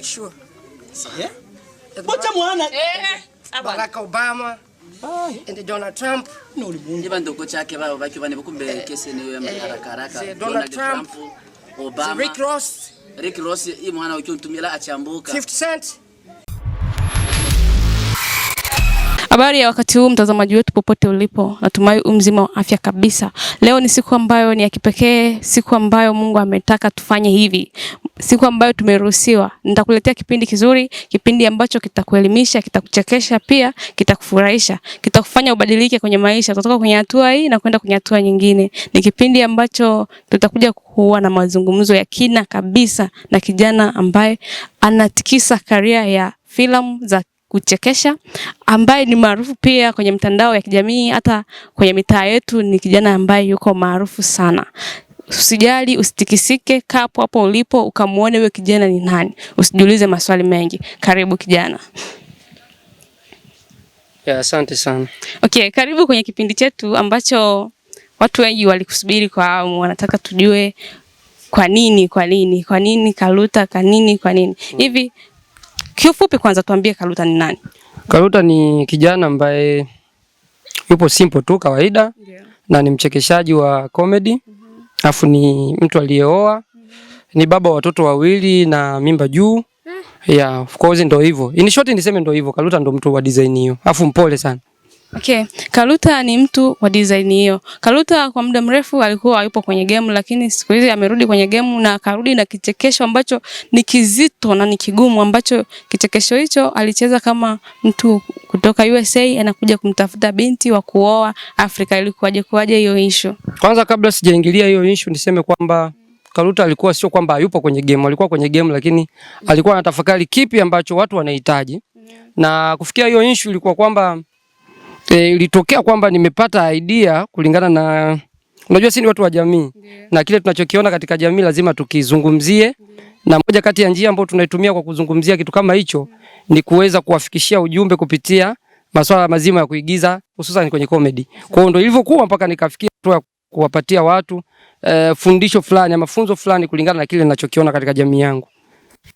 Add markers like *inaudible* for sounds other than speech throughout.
make sure. Yeah? Bocha mwana. Eh. eh, eh. Barack Obama. Ende Donald Trump. Ndiba even though bao bakiwa ni bukumbe kesi eh, ni wewe haraka haraka. Donald Trump. Obama. Rick Ross. Rick Ross hii mwana ukiwa mtumia la achambuka. 50 cent. Habari ya wakati huu mtazamaji wetu popote ulipo, natumai umzima wa afya kabisa. Leo ni siku ambayo ni ya kipekee, siku ambayo Mungu ametaka tufanye hivi, siku ambayo tumeruhusiwa. Nitakuletea kipindi kizuri, kipindi ambacho kitakuelimisha, kitakuchekesha, pia kitakufurahisha, kitakufanya ubadilike kwenye maisha. Tutatoka kwenye hatua hii na kwenda kwenye hatua nyingine. Ni kipindi ambacho tutakuja kuwa na mazungumzo ya kina kabisa na kijana ambaye anatikisa karia ya filamu za kuchekesha ambaye ni maarufu pia kwenye mtandao ya kijamii hata kwenye mitaa yetu. Ni kijana ambaye yuko maarufu sana. Usijali, usitikisike, kaa hapo hapo ulipo ukamuone huyo kijana ni nani. Usijiulize maswali mengi. Karibu kijana. Ya, asante sana. Okay, karibu kwenye kipindi chetu ambacho watu wengi walikusubiri kwa hamu, wanataka tujue kwa nini, kwa nini, kwa nini Kaluta, kwa nini, kwa nini. Mm. Hivi Kiufupi kwanza tuambie Kaluta ni nani? Kaluta ni kijana ambaye yupo simple tu kawaida, yeah. na ni mchekeshaji wa comedy mm -hmm. afu ni mtu aliyeoa mm -hmm. ni baba watoto wawili na mimba juu. Mm. Yeah, of course ndo hivyo. In short niseme ndo hivyo. Kaluta ndo mtu wa design hiyo. Alafu mpole sana. Okay, Kaluta ni mtu wa design hiyo. Kaluta kwa muda mrefu alikuwa hayupo kwenye game, lakini siku hizi amerudi kwenye game na akarudi na kichekesho ambacho ni kizito na ni kigumu, ambacho kichekesho hicho alicheza kama mtu kutoka USA anakuja kumtafuta binti wa kuoa Afrika. Ilikuwaje kuwaje hiyo issue? Kwanza kabla sijaingilia hiyo issue niseme kwamba Kaluta alikuwa sio kwamba hayupo kwenye game, alikuwa kwenye game, lakini alikuwa anatafakari kipi ambacho watu wanahitaji, mm. na kufikia hiyo issue ilikuwa kwamba kwa e, ilitokea kwamba nimepata idea kulingana na unajua sisi ni watu wa jamii yeah. Na kile tunachokiona katika jamii lazima tukizungumzie yeah. Na moja kati ya njia ambayo tunaitumia kwa kuzungumzia kitu kama hicho yeah. Ni kuweza kuwafikishia ujumbe kupitia masuala mazima ya kuigiza hususan kwenye comedy. Kwa hiyo ndio ilivyokuwa mpaka nikafikia hatua ya kuwapatia watu e, fundisho fulani ama mafunzo fulani kulingana na kile ninachokiona katika jamii yangu.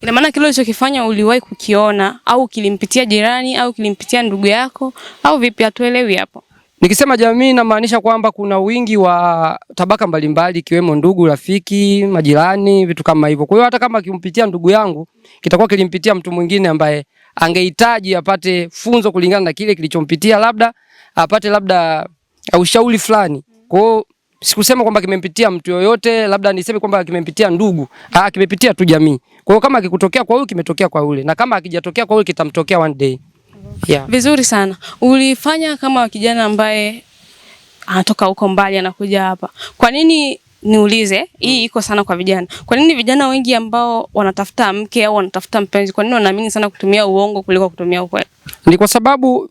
Ina maana kile ulichokifanya uliwahi kukiona au kilimpitia jirani au kilimpitia ndugu yako au vipi? Hatuelewi hapo. Nikisema jamii namaanisha kwamba kuna wingi wa tabaka mbalimbali ikiwemo ndugu, rafiki, majirani, vitu kama hivyo. Kwa hiyo hata kama kimpitia ndugu yangu, kitakuwa kilimpitia mtu mwingine ambaye angehitaji apate funzo kulingana na kile kilichompitia, labda apate labda ushauri fulani. Kwa hiyo sikusema kwamba kimempitia mtu yoyote, labda niseme kwamba kimempitia ndugu. Ah, kimepitia tu jamii. Kwa hiyo kama kikutokea kwa huyu kimetokea kwa yule, na kama akijatokea kwa huyu kitamtokea one day. Yeah. Vizuri sana. Ulifanya kama kijana ambaye anatoka huko mbali anakuja hapa. Kwa nini niulize, hii iko sana kwa vijana. Kwa nini vijana wengi ambao wanatafuta mke au wanatafuta mpenzi, kwa nini wanaamini sana kutumia uongo kuliko kutumia ukweli? Ni kwa sababu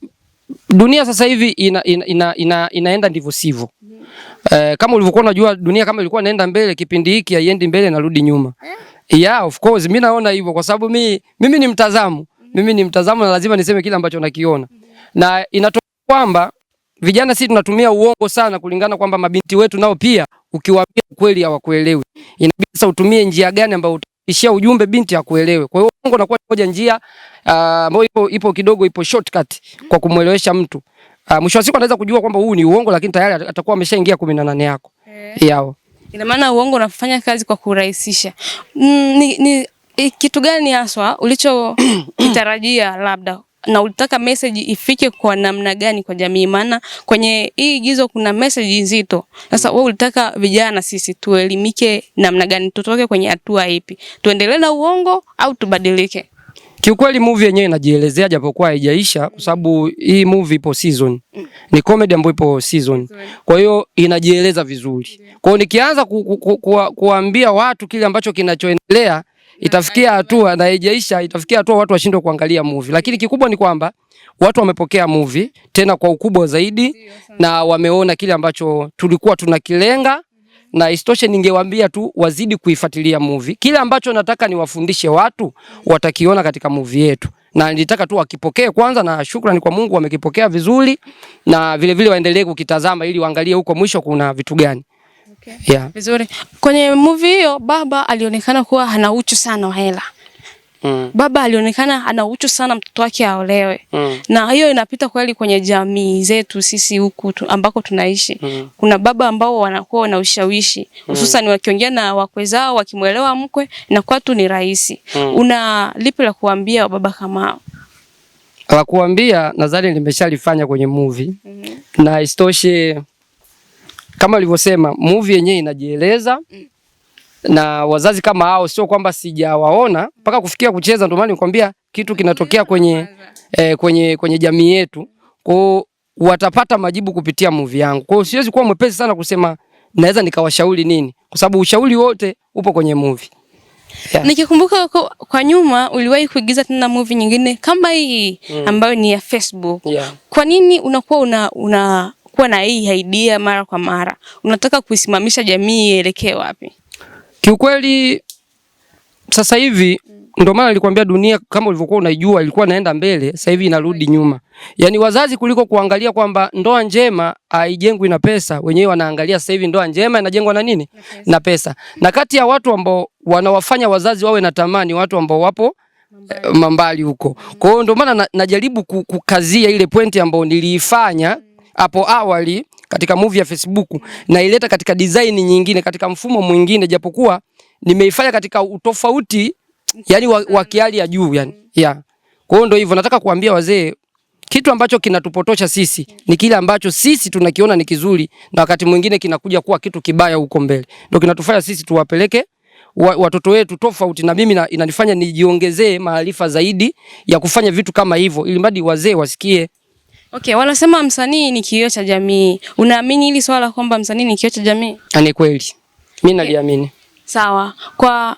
dunia sasa hivi ina, ina, ina, ina, inaenda ndivyo sivyo. Eh, kama ulivyokuwa unajua dunia kama ilikuwa inaenda mbele, kipindi hiki haiendi mbele, narudi nyuma. Eh? Yeah, of course mimi naona hivyo kwa sababu mi, mimi ni mtazamo, mimi ni mtazamo na lazima niseme kile ambacho nakiona, na inatoka kwamba vijana sisi tunatumia uongo sana, kulingana kwamba mabinti wetu nao pia ukiwaambia ukweli hawakuelewi. Inabidi sasa utumie njia gani ambayo ishia ujumbe binti hakuelewe. Kwa hiyo uongo unakuwa moja njia ah, ambayo uh, ipo, ipo kidogo ipo shortcut kwa kumwelewesha mtu. Uh, mwisho wa siku anaweza kujua kwamba huu ni uongo lakini tayari atakuwa ameshaingia 18 yako. Yeah. Yao. Ina maana uongo unafanya kazi kwa kurahisisha. Mm, ni, ni eh, kitu gani haswa ulichokitarajia *clears throat* labda na ulitaka message ifike kwa namna gani kwa jamii? Maana kwenye hii igizo kuna message nzito. Sasa wewe ulitaka vijana sisi tuelimike namna gani, tutoke kwenye hatua ipi? Tuendelee na uongo au tubadilike? Kiukweli movie yenyewe inajielezea japokuwa haijaisha, kwa sababu hii movie ipo season, ni comedy ambayo ipo season, kwa hiyo inajieleza vizuri. Kwa hiyo nikianza ku, ku, ku, ku, watu kile ambacho kinachoendelea itafikia hatua na haijaisha, itafikia hatua watu washindwe kuangalia movie. Lakini kikubwa ni kwamba watu wamepokea movie tena kwa ukubwa zaidi, na wameona kile ambacho tulikuwa tunakilenga mhm. na istoshe, ningewaambia tu wazidi kuifuatilia movie. Kile ambacho nataka niwafundishe watu mhm. watakiona katika movie yetu, na nilitaka tu wakipokee kwanza, na shukrani kwa Mungu wamekipokea vizuri, na vilevile waendelee kukitazama ili waangalie huko mwisho kuna vitu gani. Okay. Yeah. Vizuri. Kwenye movie hiyo baba alionekana kuwa ana uchu sana wa hela. Mm. Baba alionekana ana uchu sana mtoto wake aolewe. Mm. Na hiyo inapita kweli kwenye jamii zetu sisi huku tu, ambako tunaishi. Mm. Kuna baba ambao wanakuwa na ushawishi mm. hususan, mm. wakiongea na wakwe zao wakimwelewa mkwe na kwatu ni rahisi. Mm. Una lipi la kuambia baba kama hao? La kuambia nadhani kwenye movie. Mm -hmm. Na isitoshe kama alivyosema movie yenyewe inajieleza na wazazi kama hao, sio kwamba sijawaona mpaka kufikia kucheza. Ndio maana nikwambia kitu kinatokea mm-hmm. kwenye, eh, kwenye, kwenye jamii yetu, kwa watapata majibu kupitia movie yangu. Kwa hiyo siwezi kuwa mwepesi sana kusema naweza nikawashauri nini, kwa sababu ushauri wote upo kwenye movie. Yeah. Nikikumbuka kwa, kwa nyuma uliwahi kuigiza tena movie nyingine kama hii mm, ambayo ni ya Facebook. Yeah. Kwa nini unakuwa una, una kuwa na hii idea mara kwa mara, unataka kuisimamisha jamii ielekee wapi? Kiukweli sasa hivi ndio maana nilikwambia dunia kama ulivyokuwa unaijua ilikuwa naenda mbele, sasa hivi inarudi nyuma. Yaani wazazi kuliko kuangalia kwamba ndoa njema haijengwi na pesa, wenyewe wanaangalia sasa hivi ndoa njema inajengwa na nini? Na pesa. Na kati ya watu ambao wanawafanya wazazi wawe na tamani, watu ambao wapo mambali eh, huko. Kwa hiyo ndio maana najaribu kukazia ile pointi ambayo niliifanya mm hapo awali katika movie ya Facebook, na ileta katika design nyingine, katika mfumo mwingine, japokuwa nimeifanya katika utofauti yani wa, wa kiali ya juu yani. Yeah. Kwa hiyo ndio hivyo nataka kuambia wazee kitu ambacho kinatupotosha sisi ni kile ambacho sisi tunakiona ni kizuri na wakati mwingine kinakuja kuwa kitu kibaya huko mbele. Ndio kinatufanya sisi tuwapeleke watoto wetu tofauti, na mimi na inanifanya nijiongezee maarifa zaidi ya kufanya vitu kama hivyo, ili mradi wazee wasikie. Okay, wanasema msanii ni kioo cha jamii. Unaamini hili swala kwamba msanii ni kioo cha jamii? Ah, ni kweli, mimi naliamini. Sawa, kwa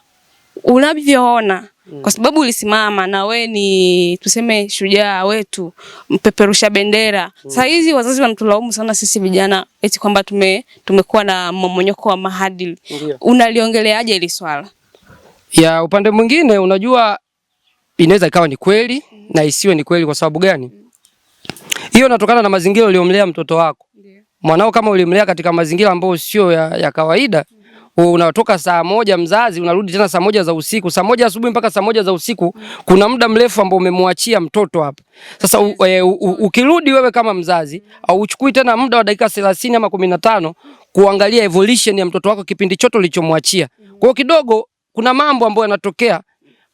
unavyoona mm. Kwa sababu ulisimama na we ni tuseme shujaa wetu, mpeperusha bendera mm. Saa hizi wazazi wanatulaumu sana sisi vijana eti kwamba tume tumekuwa na mmomonyoko wa maadili. Unaliongeleaje hili swala? Ya upande mwingine, unajua inaweza ikawa ni kweli mm. na isiwe ni kweli. Kwa sababu gani? Mm. Hiyo inatokana na mazingira uliyomlea mtoto wako. Mwanao kama ulimlea katika mazingira ambayo sio ya, ya kawaida mm-hmm. unatoka saa moja mzazi, unarudi tena saa moja za usiku, saa moja asubuhi mpaka saa moja za usiku. Mm-hmm. Kuna muda mrefu ambao umemwachia mtoto hapa. Sasa u, e, u, ukirudi wewe kama mzazi, mm-hmm. au uchukui tena muda wa dakika 30 ama 15 kuangalia evolution ya mtoto wako kipindi chote ulichomwachia. Kwa kidogo kuna mambo ambayo yanatokea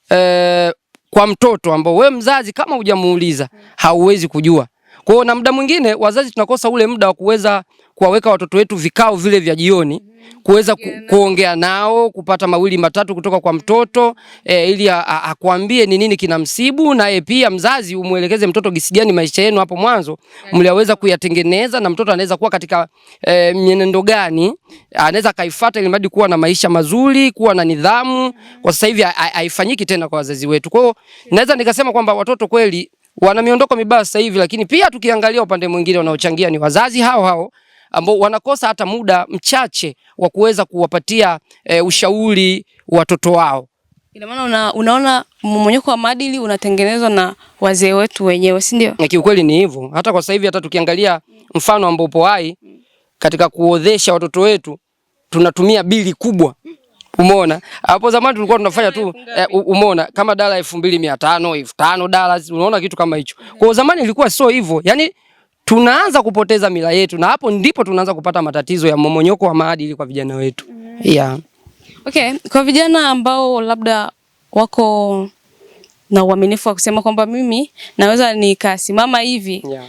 eh, kwa mtoto ambao we mzazi kama hujamuuliza hauwezi kujua. Kwa hiyo na muda mwingine wazazi tunakosa ule muda wa kuweza kuwaweka watoto wetu vikao vile vya jioni kuweza ku, kuongea nao kupata mawili matatu kutoka kwa mtoto e, ili akwambie ni nini kinamsibu, naye pia mzazi umwelekeze mtoto gisi gani maisha yenu hapo mwanzo eh. mliaweza kuyatengeneza na mtoto anaweza kuwa katika e, mienendo gani anaweza kaifuata, ili mradi kuwa na maisha mazuri, kuwa na nidhamu. Kwa sasa hivi haifanyiki tena kwa wazazi wetu. Kwa hiyo naweza nikasema kwamba watoto kweli wana miondoko mibaya sasa hivi, lakini pia tukiangalia upande mwingine wanaochangia ni wazazi hao hao ambao wanakosa hata muda mchache wa kuweza kuwapatia e, ushauri watoto wao. Ina maana una, unaona mmonyoko wa maadili unatengenezwa na wazee wetu wenyewe, si ndio? Kiukweli ni hivyo. Hata kwa sasa hivi hata tukiangalia mfano ambao upo hai katika kuodhesha watoto wetu tunatumia bili kubwa Umeona, hapo zamani tulikuwa tunafanya tu eh, umeona kama dala elfu mbili mia tano elfu tano dala, unaona kitu kama hicho. Kwa zamani ilikuwa sio hivyo, yani tunaanza kupoteza mila yetu, na hapo ndipo tunaanza kupata matatizo ya mmomonyoko wa maadili kwa vijana wetu mm. yeah. Okay, kwa vijana ambao labda wako na uaminifu wa kusema kwamba mimi naweza nikasimama hivi yeah.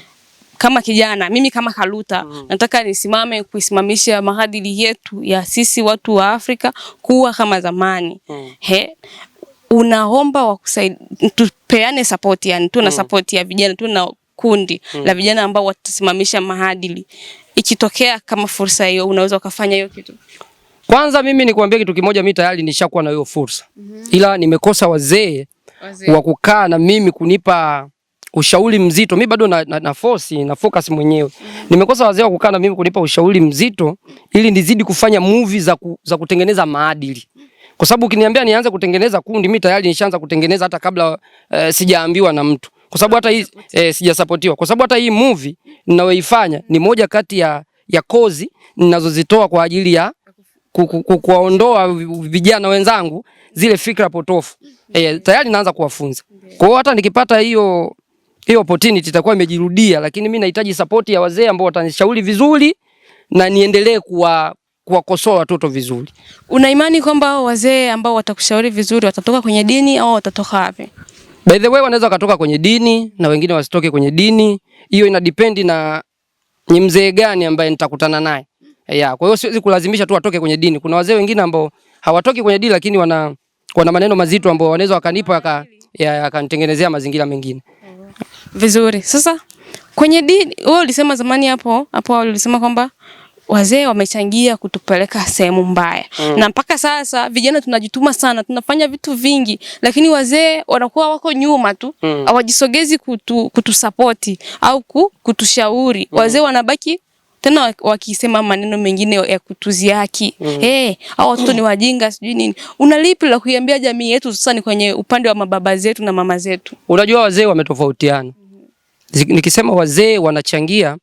Kama kijana mimi kama Kaluta mm. nataka nisimame kuisimamisha maadili yetu ya sisi watu wa Afrika kuwa kama zamani mm. he unaomba wakusaidie, tupeane support yani, tuna mm. support ya vijana, tuna kundi mm. la vijana ambao watasimamisha maadili. Ikitokea kama fursa hiyo, unaweza ukafanya hiyo kitu? Kwanza mimi nikuambia kitu kimoja, mimi tayari nishakuwa na hiyo fursa mm -hmm. ila nimekosa wazee wa kukaa na mimi kunipa ushauri mzito. Mimi bado na, na, na force na focus mwenyewe mm -hmm. nimekosa wazee wa kukaa na mimi kunipa ushauri mzito ili nizidi kufanya movie za, ku, za kutengeneza maadili kwa sababu ukiniambia nianze kutengeneza kundi, mimi tayari nishaanza kutengeneza hata kabla uh, sijaambiwa na mtu kwa sababu hata hii eh, sijasapotiwa kwa sababu hata hii movie ninayoifanya ni moja kati ya, ya kozi ninazozitoa kwa ajili ya kuwaondoa vijana wenzangu zile fikra potofu eh, tayari naanza kuwafunza. Kwa hiyo hata nikipata hiyo hiyo opportunity itakuwa imejirudia, lakini mimi nahitaji support ya wazee ambao watanishauri vizuri na niendelee kuwa kuwakosoa watoto vizuri. Una imani kwamba wazee ambao watakushauri vizuri watatoka kwenye dini au watatoka wapi? By the way, wanaweza wakatoka kwenye dini na wengine wasitoke kwenye dini. Hiyo ina depend na ni mzee gani ambaye nitakutana naye. Eh, yeah, kwa hiyo siwezi kulazimisha tu watoke kwenye dini. Kuna wazee wengine ambao hawatoki kwenye dini lakini wana wana maneno mazito ambao wanaweza wakanipa waka, ya akanitengenezea mazingira mengine. Vizuri. Sasa kwenye dini wewe ulisema zamani hapo hapo ulisema kwamba wazee wamechangia kutupeleka sehemu mbaya mm. Na mpaka sasa vijana tunajituma sana, tunafanya vitu vingi, lakini wazee wanakuwa wako nyuma tu, mm. hawajisogezi mm. kutu, kutusapoti au kutushauri mm. Wazee wanabaki tena wakisema maneno mengine ya kutuziaki mm. Hey, eh, au watoto ni wajinga sijui nini. lipi la kuiambia jamii yetu? Sasa ni kwenye upande wa mababa zetu na mama zetu. Unajua wazee wametofautiana mm -hmm. Nikisema wazee wanachangia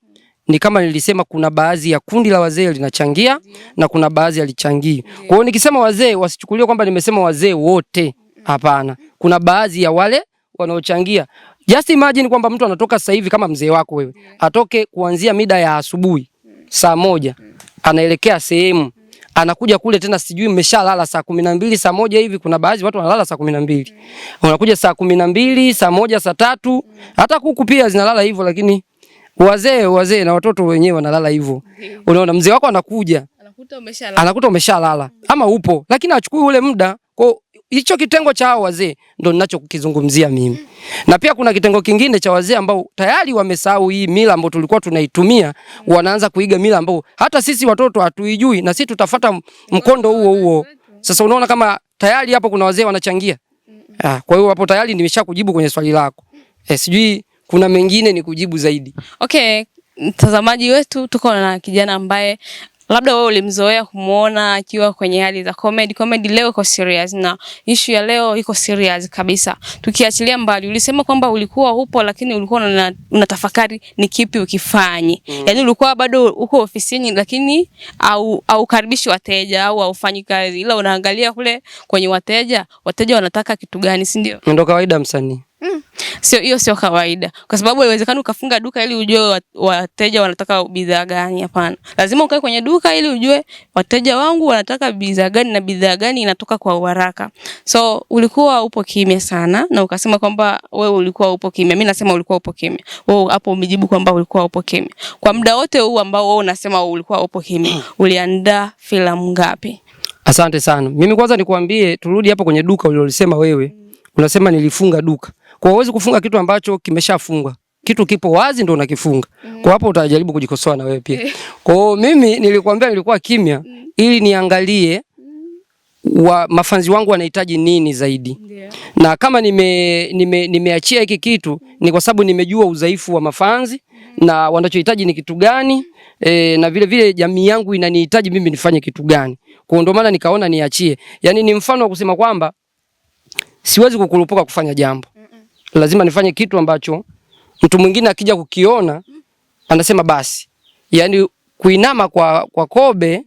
ni kama nilisema, kuna baadhi ya kundi la wazee linachangia na kuna baadhi halichangia. Kwa hiyo nikisema wazee, wasichukulie kwamba nimesema wazee wote, hapana. Kuna baadhi ya wale wanaochangia. Just imagine kwamba mtu anatoka sasa hivi, kama mzee wako wewe atoke kuanzia mida ya asubuhi saa moja anaelekea sehemu anakuja kule tena, sijui mmeshalala saa kumi na mbili saa moja hivi. Kuna baadhi watu wanalala saa kumi na mbili unakuja saa kumi na mbili saa moja saa tatu hata kuku pia zinalala hivyo, lakini wazee wazee na watoto wenyewe wanalala hivyo. Unaona, mzee wako anakuja anakuta umeshalala, anakuta umeshalala ama upo, lakini achukui ule muda. Kwa hicho kitengo cha hao wazee ndo ninachokizungumzia mimi mm. Na pia kuna kitengo kingine cha wazee ambao tayari wamesahau hii mila ambayo tulikuwa tunaitumia mm. Wanaanza kuiga mila ambayo hata sisi watoto hatuijui, na sisi tutafata mkondo huo huo. Sasa unaona kama tayari hapo kuna wazee wanachangia -mm. Ah, kwa hiyo hapo tayari nimesha kujibu kwenye swali lako eh, sijui kuna mengine ni kujibu zaidi. Okay, mtazamaji wetu, tuko na kijana ambaye labda wewe ulimzoea kumuona akiwa kwenye hali za comedy. Comedy leo iko serious na issue ya leo iko serious kabisa. Tukiachilia mbali, ulisema kwamba ulikuwa upo lakini ulikuwa unatafakari ni kipi ukifanye. Mm. Yani ulikuwa bado uko ofisini lakini au au karibishi wateja au haufanyi kazi ila unaangalia kule kwenye wateja, wateja wanataka kitu gani, si ndio? Ndio kawaida msanii. Mm. Sio hiyo, sio kawaida, kwa sababu haiwezekani ukafunga duka ili ujue wateja wanataka bidhaa gani. Hapana, lazima ukae kwenye duka ili ujue wateja wangu wanataka bidhaa gani na bidhaa gani inatoka kwa uharaka. So ulikuwa upo kimya sana, na ukasema kwamba wewe ulikuwa upo kimya. Mimi nasema ulikuwa upo kimya, wewe hapo umejibu kwamba ulikuwa upo kimya. Kwa muda wote huu ambao wewe unasema ulikuwa upo kimya, hmm. uliandaa filamu ngapi? Asante sana. Mimi kwanza nikuambie turudi hapo kwenye duka ulilosema wewe. Hmm. Unasema nilifunga duka kwa huwezi kufunga kitu ambacho kimeshafungwa. Kitu kipo wazi ndio unakifunga. Mm. Kwa hapo utajaribu kujikosoa na wewe pia. Eh. Kwa hiyo mimi nilikwambia nilikuwa kimya mm. ili niangalie mm. wa mafanzi wangu wanahitaji nini zaidi. Yeah. Na kama nimeachia nime, nime hiki kitu mm. ni kwa sababu nimejua udhaifu wa mafanzi mm. na wanachohitaji ni kitu gani e, na vile vile jamii yangu inanihitaji mimi nifanye kitu gani. Kwa ndio maana nikaona niachie. Yaani ni mfano wa kusema kwamba siwezi kukurupuka kufanya jambo lazima nifanye kitu ambacho mtu mwingine akija kukiona anasema basi, yaani kuinama kwa, kwa Kobe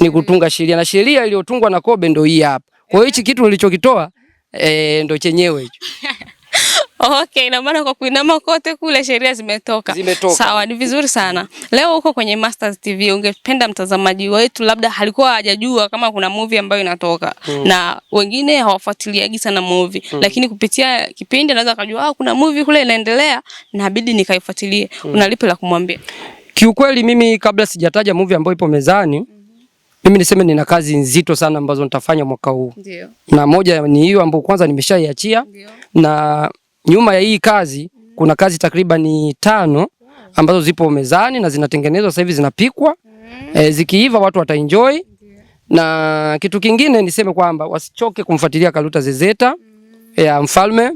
ni kutunga sheria na sheria iliyotungwa na Kobe ndio hii hapa. Kwa hiyo hichi kitu nilichokitoa e, eh, ndio chenyewe hicho. Okay, na maana kwa kuinama kote kule sheria zimetoka. Zimetoka. Sawa, ni vizuri sana. Leo uko kwenye Masters TV, ungependa mtazamaji wetu labda alikuwa hajajua kama kuna movie ambayo inatoka. Hmm. Na wengine hawafuatiliagi sana movie, hmm. Lakini kupitia kipindi anaweza akajua ah, kuna movie kule inaendelea na inabidi nikaifuatilie. Hmm. Una lipi la kumwambia? Kiukweli mimi kabla sijataja movie ambayo ipo mezani, hmm. Mimi niseme nina kazi nzito sana ambazo nitafanya mwaka huu. Ndio. Na moja ni hiyo ambayo kwanza nimeshaiachia. Ndio. Na nyuma ya hii kazi kuna kazi takribani tano ambazo zipo mezani na zinatengenezwa sasa hivi zinapikwa. E, zikiiva watu wataenjoy. Na kitu kingine niseme kwamba wasichoke kumfuatilia Kaluta Zezeta mm. ya mfalme.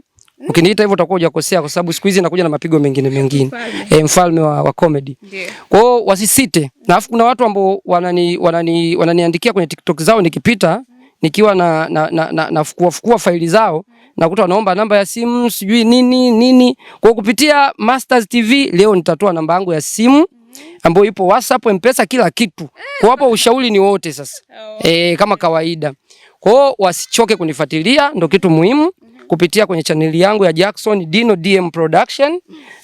Ukiniita hivyo utakuwa hujakosea kwa sababu siku hizi nakuja na mapigo mengine mengine. E, mfalme wa, wa comedy. Kwa hiyo wasisite. Na afu kuna watu ambao wanani wanani wananiandikia kwenye TikTok zao nikipita mm. nikiwa na na, na, na, na fukua, fukua faili zao nakuta wanaomba namba ya simu sijui nini nini. Kwa kupitia Masters TV leo nitatoa namba yangu ya simu ambayo ipo WhatsApp, Mpesa, kila kitu. Kwa hapo ushauri ni wote sasa. E, kama kawaida. Kwa hiyo wasichoke kunifuatilia, ndo kitu muhimu kupitia kwenye chaneli yangu ya Jackson Dino DM Production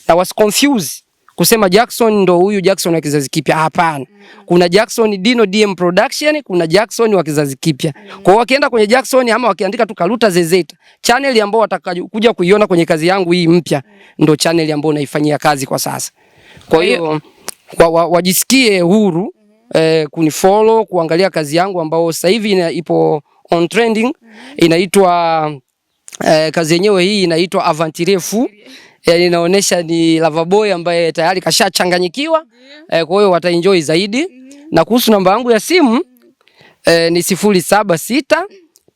na wasiconfuse kusema Jackson ndo huyu Jackson wa kizazi kipya. Hapana, kuna Jackson Dino DM Production, kuna Jackson wa kizazi kipya. Kwa hiyo wakienda kwenye Jackson ama wakiandika tu Kaluta Zezeta, channel ambayo watakayokuja kuiona kwenye kazi yangu hii mpya ndo channel ambayo naifanyia kazi kwa sasa. Kwa hiyo wa, wa, wajisikie huru eh, kunifollow kuangalia kazi yangu ambayo sasa hivi ipo on trending, inaitwa eh, kazi yenyewe hii inaitwa Avantirefu. Fou yani eh, inaonyesha ni boy ambaye tayari kashachanganyikiwa yeah. E, kwa hiyo wataenjoy zaidi. mm -hmm. Na kuhusu namba yangu ya simu e, ni sifuri saba sita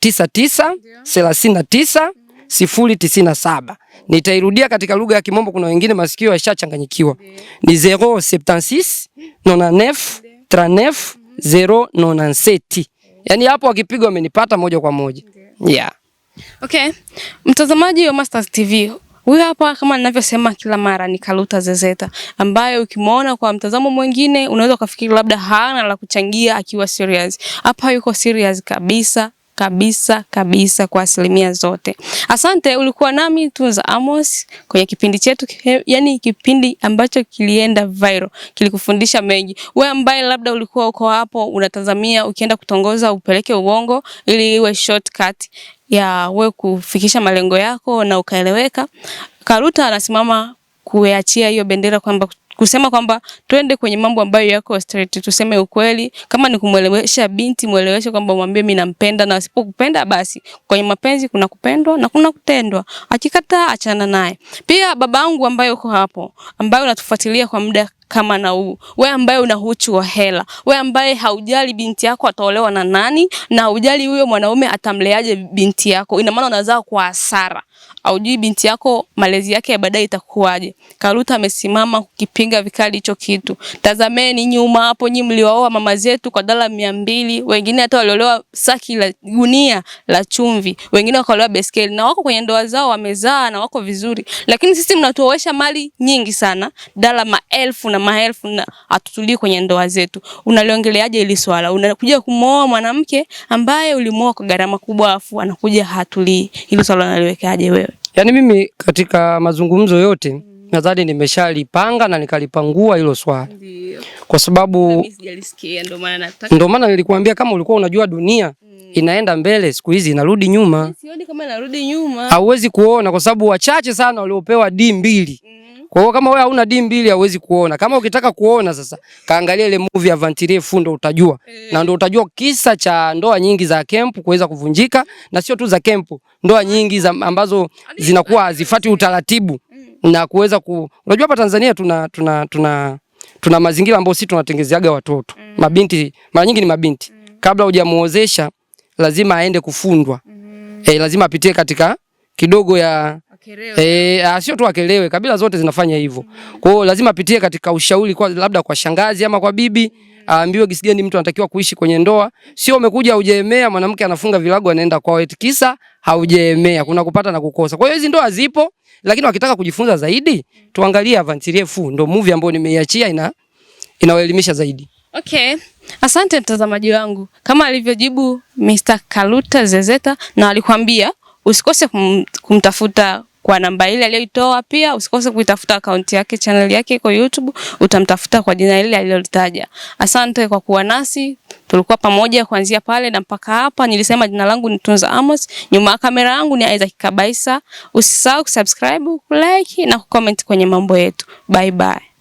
tisa tisa thelathini na tisa mhm. sifuri tisini na saba. Nitairudia katika lugha ya Kimombo, kuna wengine masikio yashachanganyikiwa. Ni 076 99 39 097. Yani hapo wakipiga wamenipata moja kwa moja. Yeah. Okay. Mtazamaji wa Mastaz TV Huyu hapa kama ninavyosema kila mara ni Kaluta Zezeta ambaye ukimwona kwa mtazamo mwingine unaweza ukafikiri labda hana la kuchangia akiwa serious. Hapa yuko serious kabisa kabisa kabisa kwa asilimia zote. Asante, ulikuwa nami Tunza Amos kwenye kipindi chetu, yani kipindi ambacho kilienda viral, kilikufundisha mengi. We ambaye labda ulikuwa uko hapo unatazamia, ukienda kutongoza upeleke uongo ili iwe shortcut ya we kufikisha malengo yako na ukaeleweka, Karuta anasimama kuachia hiyo bendera kwamba kusema kwamba twende kwenye mambo ambayo yako straight, tuseme ukweli. Kama ni kumwelewesha binti, mweleweshe kwamba mwambie mimi nampenda, na usipokupenda basi, kwenye mapenzi kuna kupendwa na kuna kutendwa. Akikataa achana naye. Pia babangu ambaye uko hapo, ambaye unatufuatilia kwa muda kama na huu we ambaye una huchu wa hela, we ambaye haujali binti yako ataolewa na nani, na haujali huyo mwanaume atamleaje binti yako, ina maana unazaa kwa hasara haujui binti yako malezi yake ya baadaye itakuwaje. Karuta amesimama kukipinga vikali hicho kitu. Tazameni nyuma hapo, nyinyi mliwaoa mama zetu kwa dola mia mbili, wengine hata waliolewa saki la gunia la chumvi, wengine wakaolewa beskeli na wako kwenye ndoa zao wamezaa na wako vizuri, lakini sisi mnatuoesha mali nyingi sana, dala maelfu na maelfu, na hatutulii kwenye ndoa zetu. Unaliongeleaje hili swala? Unakuja kumwoa mwanamke ambaye ulimwoa kwa gharama kubwa, afu anakuja hatulii. Hili swala unaliwekaje wewe? Yaani mimi katika mazungumzo yote mm. nadhani nimeshalipanga na nikalipangua hilo swali kwa sababu ndio maana nilikuambia kama ulikuwa unajua dunia mm, inaenda mbele, siku hizi inarudi nyuma. Sioni kama inarudi nyuma, hauwezi kuona kwa sababu wachache sana waliopewa D mbili mm kwa hiyo kama wewe hauna D mbili hauwezi kuona. Kama ukitaka kuona sasa, kaangalia ile movie Avantire Fundo utajua. E. Na ndio utajua kisa cha ndoa nyingi za kempu kuweza kuvunjika na sio tu za kempu, ndoa nyingi za ambazo zinakuwa hazifati eh. utaratibu mm. na kuweza ku Unajua hapa Tanzania tuna tuna tuna tuna mazingira ambayo sisi tunatengenezeaga watoto. Mm. Mabinti mara nyingi ni mabinti. Mm. Kabla hujamuozesha lazima aende kufundwa. Mm. Eh, lazima apitie katika kidogo ya E, sio tu akelewe, kabila zote zinafanya hivyo. Kwa hiyo lazima apitie katika ushauri kwa labda kwa shangazi ama kwa bibi, aambiwe gisi gani mtu anatakiwa kuishi kwenye ndoa. Sio umekuja hujaemea, mwanamke anafunga vilago anaenda kwao, eti kisa haujaemea, kuna kupata na kukosa. Kwa hiyo hizi ndoa zipo, lakini wakitaka kujifunza zaidi, tuangalie Avantilie Fu, ndo movie ambayo nimeiachia ina inawaelimisha zaidi. Okay. Asante mtazamaji wangu, kama alivyojibu Mr. Kaluta Zezeta, na alikwambia usikose kum, kumtafuta kwa namba ile aliyoitoa. Pia usikose kuitafuta akaunti yake, channel yake iko YouTube, utamtafuta kwa jina ile alilolitaja. Asante kwa kuwa nasi, tulikuwa pamoja kuanzia pale na mpaka hapa. Nilisema jina langu ni Tunza Amos, nyuma ya kamera yangu ni Isaac Kabaisa. Usisahau kusubscribe, like na kucomment kwenye mambo yetu. Bye bye.